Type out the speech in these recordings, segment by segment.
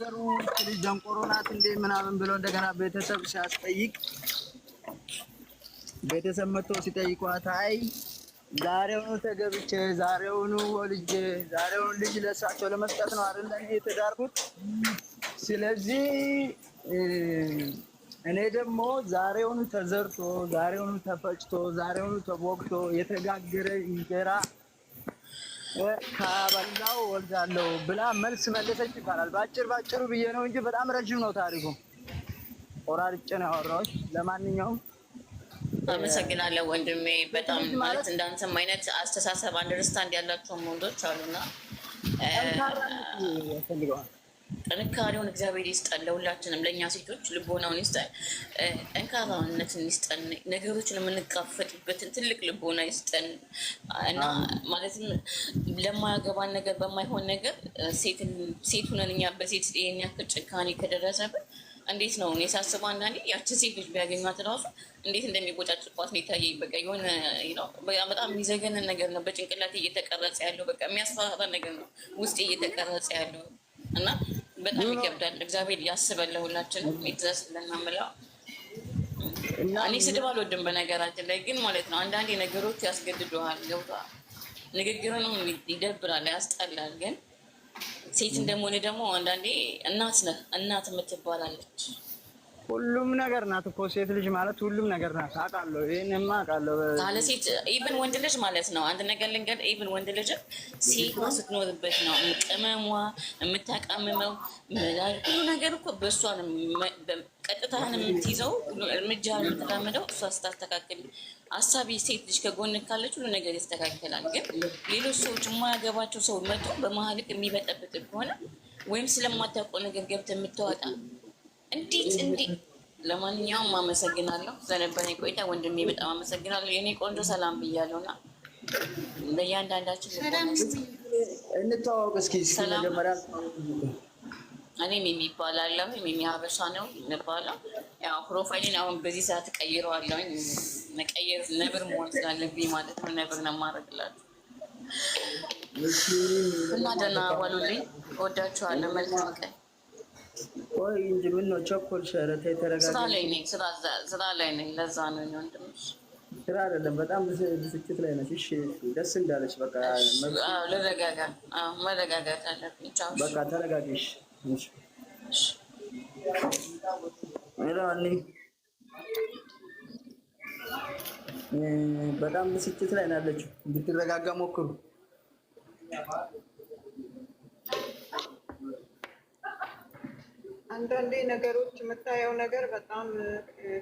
ነገሩ እንግዲህ ደንቆሮ ናት እንዴ ምናምን ብሎ እንደገና ቤተሰብ ሲያስጠይቅ ቤተሰብ መጥቶ ሲጠይቋት አይ ዛሬውኑ ተገብቼ ዛሬውኑ ወልጄ ዛሬውን ልጅ ለእሳቸው ለመስጠት ነው አይደል እንጂ የተዳርኩት። ስለዚህ እኔ ደግሞ ዛሬውኑ ተዘርቶ ዛሬውኑ ተፈጭቶ ዛሬውኑ ተቦክቶ የተጋገረ እንጀራ ካበላው ወልዳለው ብላ መልስ መለሰች ይባላል። በአጭር በአጭሩ ብዬ ነው እንጂ በጣም ረጅም ነው ታሪኩ። ቆራርጬ ነው ያወራሁት። ለማንኛውም አመሰግናለሁ ወንድሜ። በጣም ማለት እንዳንተም አይነት አስተሳሰብ አንደርስታንድ ያላቸውን ወንዶች አሉና ያስፈልገዋል ጥንካሬውን እግዚአብሔር ይስጠን፣ ለሁላችንም ለእኛ ሴቶች ልቦናውን ይስጠን፣ ጠንካራነትን ይስጠን፣ ነገሮችን የምንጋፈጥበትን ትልቅ ልቦና ይስጠን እና ማለትም ለማያገባን ነገር በማይሆን ነገር ሴቱንን እኛ በሴት ይህን ያክል ጭካኔ ከደረሰብን እንዴት ነው እኔ ሳስበው አንዳንዴ ያችን ሴት ልጅ ቢያገኟት ራሱ እንዴት እንደሚቦጫጭቋት ነው የታየኝ። በቃ የሆነ በጣም የሚዘገንን ነገር ነው በጭንቅላት እየተቀረጸ ያለው። በቃ የሚያስፈራራ ነገር ነው ውስጥ እየተቀረጸ ያለው እና በጣም ይከብዳል። እግዚአብሔር ያስበን ለሁላችንም ይትዘስለን መምለው እኔ ስድብ አልወድም በነገራችን ላይ ግን ማለት ነው አንዳንዴ ነገሮች ያስገድዱሃል። ገብቷል። ንግግርንም ይደብራል፣ ያስጠላል። ግን ሴት እንደመሆን ደግሞ አንዳንዴ እናት ነህ እናት የምትባላለች ሁሉም ነገር ናት እኮ ሴት ልጅ ማለት ሁሉም ነገር ናት። አውቃለሁ፣ ይህንማ አውቃለሁ። አለ ኢቭን ወንድ ልጅ ማለት ነው። አንድ ነገር ልንገር፣ ኢቭን ወንድ ልጅ ሴቷ ስትኖርበት ነው ቅመሟ፣ የምታቃምመው ሁሉ ነገር እኮ በእሷን ቀጥታህን የምትይዘው እርምጃ የምትራምደው እሷ ስታስተካክል፣ አሳቢ ሴት ልጅ ከጎን ካለች ሁሉ ነገር ይስተካከላል። ግን ሌሎች ሰዎች የማያገባቸው ሰው መቶ በመሀልቅ የሚበጠብጥ ከሆነ ወይም ስለማታውቀው ነገር ገብተህ የምታወጣ እንዴት እንዴ! ለማንኛውም አመሰግናለሁ ስለነበረኝ ቆይታ ወንድሜ፣ በጣም አመሰግናለሁ የኔ ቆንጆ። ሰላም ብያለሁና ለእያንዳንዳችን እንተዋወቅ እስኪ። መጀመሪያ እኔ ሚሚ ይባላለሁ። ሚሚ ሀበሻ ነው እንባለው። ያው ፕሮፋይሊን አሁን በዚህ ሰዓት ቀይረዋለሁ። መቀየር ነብር መሆን ስላለብኝ ማለት ነው። ነብር ነው የማደርግላችሁ እና ደህና ዋሉልኝ። እወዳችኋለሁ። መልካም ቀን ቆይ እንጂ ቸኮልሽ? ኧረ ተይ ተረጋጋ። ስራ ላይ ነኝ፣ ለዛ ነው ወንድምሽ። ስራ አይደለም በጣም ብስጭት ላይ ነሽ። እሺ ደስ እንዳለሽ። በቃ መረጋጋት አለብኝ። በቃ ተረጋጊሽ። በጣም ብስጭት ላይ ናለችው። እንድትረጋጋ ሞክሩ። አንዳንዴ ነገሮች የምታየው ነገር በጣም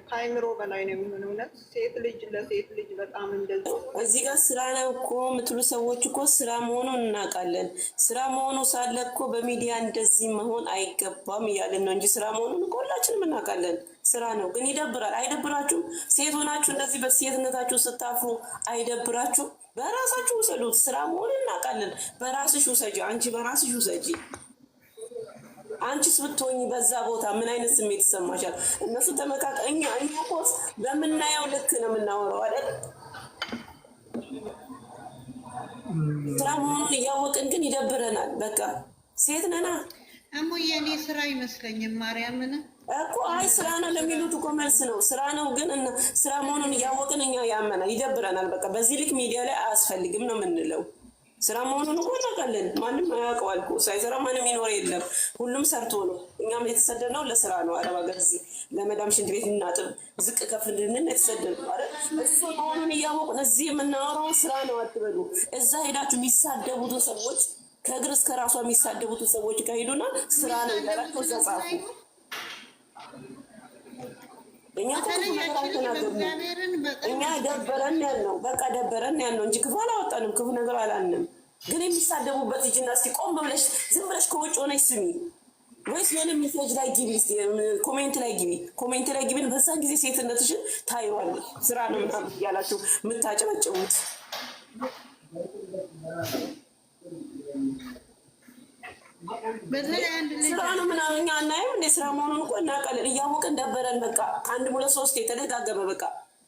ከአይምሮ በላይ ነው የሚሆነው። እውነት ሴት ልጅ ለሴት ልጅ በጣም እንደዚህ እዚህ ጋር ስራ ነው እኮ የምትሉ ሰዎች እኮ ስራ መሆኑን እናውቃለን። ስራ መሆኑ ሳለ እኮ በሚዲያ እንደዚህ መሆን አይገባም እያለን ነው እንጂ ስራ መሆኑን እኮ ሁላችንም እናውቃለን። ስራ ነው ግን ይደብራል። አይደብራችሁም? ሴት ሆናችሁ እንደዚህ በሴትነታችሁ ስታፍሩ አይደብራችሁ? በራሳችሁ ውሰዱት። ስራ መሆኑን እናውቃለን። በራስሽ ውሰጂ፣ አንቺ በራስሽ ውሰጂ። አንቺስ ብትሆኝ በዛ ቦታ ምን አይነት ስሜት ይሰማሻል? እነሱ ተመካከ እኛ እኛ ኮስ በምናየው ልክ ነው የምናወራው አይደል? ስራ መሆኑን እያወቅን ግን ይደብረናል። በቃ ሴት ነና እሞ የኔ ስራ አይመስለኝም ማርያምን እኮ አይ ስራ ነው ለሚሉት እኮ መልስ ነው። ስራ ነው ግን ስራ መሆኑን እያወቅን እኛ ያመናል፣ ይደብረናል። በቃ በዚህ ልክ ሚዲያ ላይ አያስፈልግም ነው የምንለው። ስራ መሆኑን እኮ እናውቃለን። ማንም አያውቀዋል እኮ ሳይሰራ ማንም ይኖር የለም። ሁሉም ሰርቶ ነው። እኛም የተሰደድነው ለስራ ነው። አረብ ሀገር እዚህ ለመዳም ሽንት ቤት እናጥብ ዝቅ ከፍ እንድንል የተሰደድነው እሱ መሆኑን እያወቁ እዚህ የምናወራውን ስራ ነው አትበሉ። እዛ ሄዳችሁ የሚሳደቡትን ሰዎች ከእግር እስከ ራሷ የሚሳደቡትን ሰዎች ከሄዱና ስራ ነው እያላቸው ዘጻፉ ጻፉ እኛ እኛ ደበረን ያልነው በቃ ደበረን ያልነው እንጂ ክፉ አላወጣንም፣ ክፉ ነገር አላንም። ግን የሚሳደቡበት እጅና እስኪ ቆም ብለሽ ዝም ብለሽ ከውጭ ሆነሽ ስሚ፣ ወይስ የሆነ ሜሴጅ ላይ ግቢ፣ ኮሜንት ላይ ግቢ፣ ኮሜንት ላይ ግቢ። በዛን ጊዜ ሴትነትሽን ታይዋል። ስራ ነው ምናምን እያላችሁ የምታጨበጭቡት ስራ ነው ምናምን እኛ አናየም እንደ ስራ መሆኑን እኮ እናውቃለን። እያወቅን ደበረን በቃ ከአንድ ሁለት ሶስት የተደጋገመ በቃ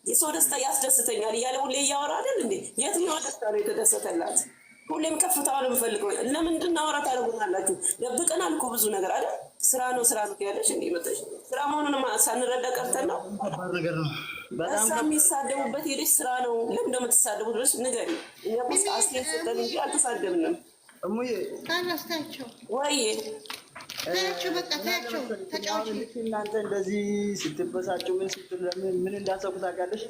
የሰው ደስታ ያስደስተኛል እያለ ሁሌ እያወራ አይደል እንዴ? የትኛው ደስታ ነው የተደሰተላት? ሁሌም ከፍታ ነው የምፈልገው። ለምንድን አወራ ታደርጉናላችሁ? ደብቀናል እኮ ብዙ ነገር አይደል? ስራ ነው ስራ ነው ያለሽ እንዴ መጠሽ ስራ መሆኑን ሳንረዳ ቀርተን ነው እዛ የሚሳደቡበት ሄደሽ ስራ ነው ለምን እንደምትሳደቡ ድረስ ንገሪ። እኛ ስ አስቴር እንጂ አልተሳደብንም። እሙዬ ታላስታቸው ወይ ታያቸው፣ በቃ ታያቸው፣ ተጫዋች እናንተ እንደዚህ ስትበሳጩ ምን ስትል ምን እንዳሰብኩ ታውቃለሽ?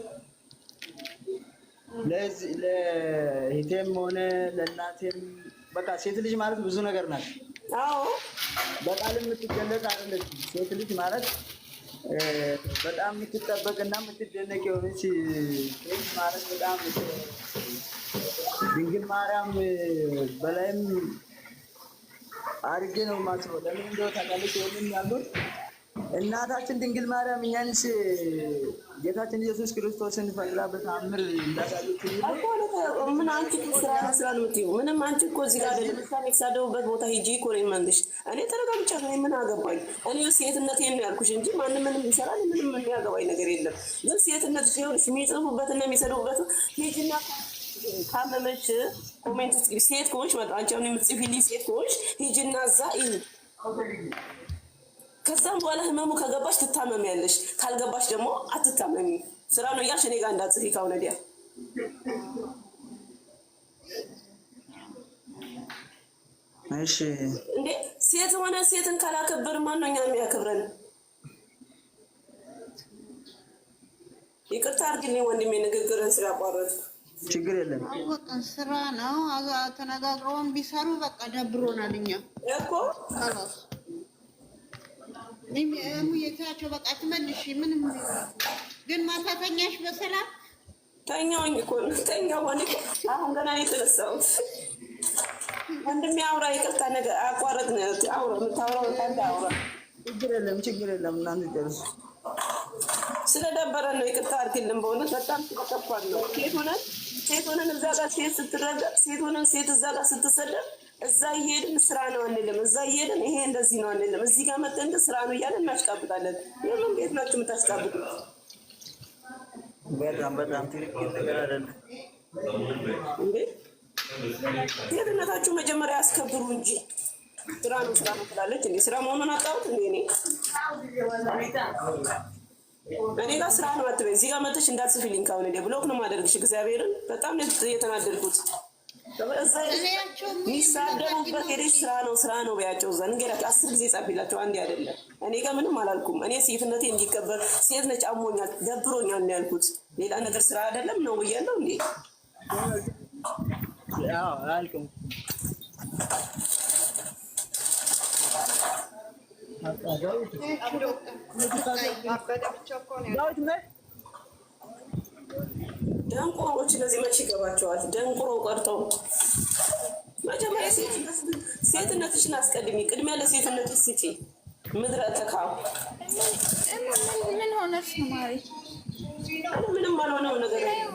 ለዚህ ለእህቴም ሆነ ለእናቴም በቃ ሴት ልጅ ማለት ብዙ ነገር ናት። አዎ በቃል የምትገለጽ አይደለችም። ሴት ልጅ ማለት በጣም የምትጠበቅና የምትደነቅ የሆነች ማለት በጣም ድንግል ማርያም በላይም አድርጌ ነው የማስበው። ለምን እንደው ታውቃለች ወይም ያሉት እናታችን ድንግል ማርያም እኛንስ ጌታችን ኢየሱስ ክርስቶስን ፈቅዳ በተአምር እንዳሳለች ምን አንቺ ስራ ምንም አንቺ እኮ እዚህ ጋር ቦታ ሂጂ እኔ አገባኝ? እኔ ያልኩሽ እንጂ ምንም ይሰራል። ምንም የሚያገባኝ ነገር የለም። ሲሆን የሚጽፉበትና የሚሰዱበት ካመመሽ ኮሜንት ጽፊ። ሴት ከሆንሽ አንቺ አሁን የምትጽፊልኝ ሴት ከሆንሽ ሂጂና እዛ ከዛም በኋላ ህመሙ ከገባሽ ትታመሚያለሽ፣ ካልገባሽ ደግሞ አትታመሚ። ስራ ነው እያልሽ እኔ ጋር እንዳትጽፊ ከአሁን ወዲያ። እሺ እንዴ ሴት ሆነ ሴትን ካላከብር ማን ነው እኛ የሚያከብረን? ይቅርታ አድርግልኝ ወንድሜ ንግግርን ስላቋረጥኩ። ችግር የለም። ስራ ነው ተነጋግረውን ቢሰሩ በቃ ደብሮናል። እኛ እኮ ሙየታቸው በቃ ትመልሽ ምንም ግን ማታተኛሽ በሰላም ተኛውኝ እኮ ተኛ ሆነ። አሁን ገና የተነሳሁት ወንድሜ አውራ ይቅርታ ነገር አቋረጥ ነ አውራ የምታውራው አውራ ችግር የለም ችግር የለም እናንተ ደርሱ ስለደበረ ነው። ይቅርታ አድርግልን። በእውነት በጣም ስለከፋን ነው። ሴት ሆነን ሴት ሆነን እዛ ጋር ሴት ስትረገጥ፣ ሴት ሆነን ሴት እዛ ጋር ስትሰደብ፣ እዛ እየሄድን ስራ ነው አንልም። እዛ እየሄድን ይሄ እንደዚህ ነው አንልም። እዚህ ጋር መጠን ስራ ነው እያለን እናሽቃብጣለን። የምን ቤት ናችሁ የምታሽቃብጡት? በጣም በጣም ትክክል ነገር አይደለም እንዴ! ሴትነታችሁ መጀመሪያ ያስከብሩ እንጂ ስራ ነው ስራ ነው ትላለች እንዴ! ስራ መሆኑን አጣሁት እንዴ እኔ እኔ ጋር ስራ ነው አትበይ። እዚህ ጋር መጥተሽ እንዳትጽፊልኝ ከአሁን ወዲያ ብሎክ ነው ማደርግሽ። እግዚአብሔርን በጣም ነው የተናደድኩት። ሚሳደቡበት ሄደሽ ስራ ነው ስራ ነው በያቸው። እዛ ንገሪያቸው አስር ጊዜ ጻፊላቸው። አንድ አይደለም እኔ ጋር ምንም አላልኩም። እኔ ሴትነቴ እንዲከበር ሴት ነች፣ አሞኛል፣ ደብሮኛል ነው ያልኩት። ሌላ ነገር ስራ አይደለም ነው ብያለው እንዴ አልኩም ደንቁሮዎች እነዚህ መቼ ይገባቸዋል? ደንቁሮ ቀርተው መጀመሪያ ሴትነትሽን አስቀድሚ። ቅድሚያ ለሴትነትሽ ስጪ። ምድረ ተካው ምን ሆነሽ ነው? ምንም አልሆነው ነገር